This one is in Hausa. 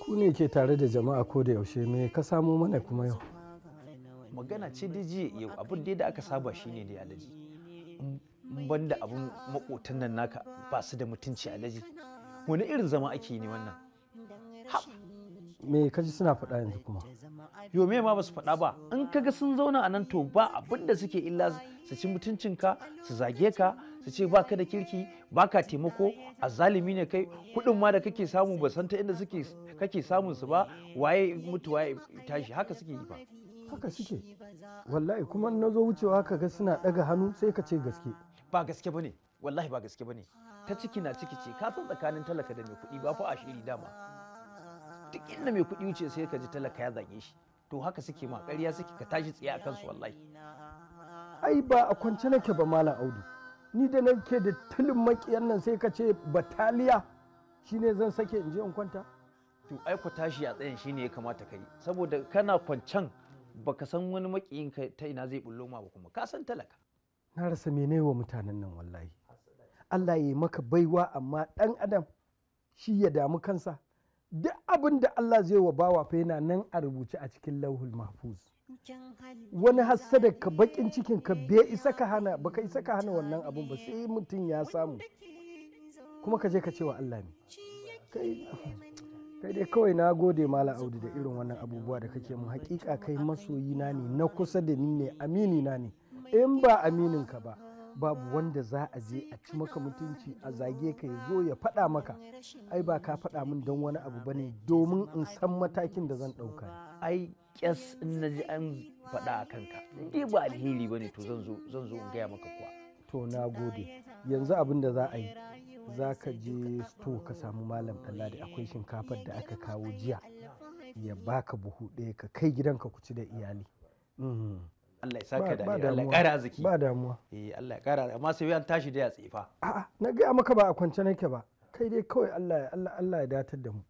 ku ne ke tare da jama'a ko da yaushe me ka samo mana kuma yau magana ce da jiya yau abin da aka saba shine da alaji ban da abin makotan nan naka ba su da mutunci alaji wani irin zama ake ne wannan me kaji suna faɗa yanzu kuma yo me ma ba su faɗa ba in kaga sun zauna a nan to ba abin da suke illa su ci mutuncinka su zage ka su ce baka da kirki baka taimako a zalimi ne kai kuɗin ma da kake samu ba san ta inda suke kake samun su ba waye mutu waye tashi haka suke yi ba. haka suke wallahi kuma na zo wucewa ka ga suna ɗaga hannu sai ka ce gaske ba gaske bane wallahi ba gaske bane ta ciki na ciki ce kafin tsakanin talaka da mai kuɗi ba fa ashiri dama duk inda mai kuɗi wuce sai ka ji talaka ya zage shi to haka suke ma ƙarya suke ka tashi tsaye a kansu wallahi ai ba a kwance nake ba malam audu ni da nake da tulin makiyan nan sai ka ce bataliya shine zan sake in je in kwanta to ai ku tashi a tsayin shine ya kamata kai saboda kana kwancan baka san wani makiyin ka ta ina zai bullo ma ba kuma ka san talaka na rasa mene wa mutanen nan wallahi Allah ya yi maka baiwa amma dan adam shi ya damu kansa duk abin da Allah zai wa bawa fa yana nan a rubuce a cikin lauhul mahfuz wani hassada ka bakin cikin ka bai isa ka hana ka isa ka hana wannan abun ba sai mutum ya samu kuma ka je ka ce Allah ne kai dai kawai na gode mala audu da irin wannan abubuwa da kake mu hakika kai masoyina ne na kusa da ni ne amini na ne in ba aminin ka ba babu wanda za a je a ci maka mutunci a zage ka ya zo ya faɗa maka ai ba ka faɗa min don wani abu bane domin in san matakin da zan ɗauka ai kyas in na ji an faɗa a kanka dai ba alheri bane to zan zo zan zo in gaya maka kuwa to na gode yanzu abin da za a yi za ka je sto ka samu malam ɗalla akwai shinkafar da aka kawo jiya ya baka buhu ɗaya ka kai gidanka ku ci da iyali mm. Allah ya saka da Allah ya kara arziki ba damuwa eh Allah ya kara amma sai an tashi da ya tsifa a'a na ga maka ba a kwance nake ba kai dai kawai Allah ya Allah Allah ya datar da mu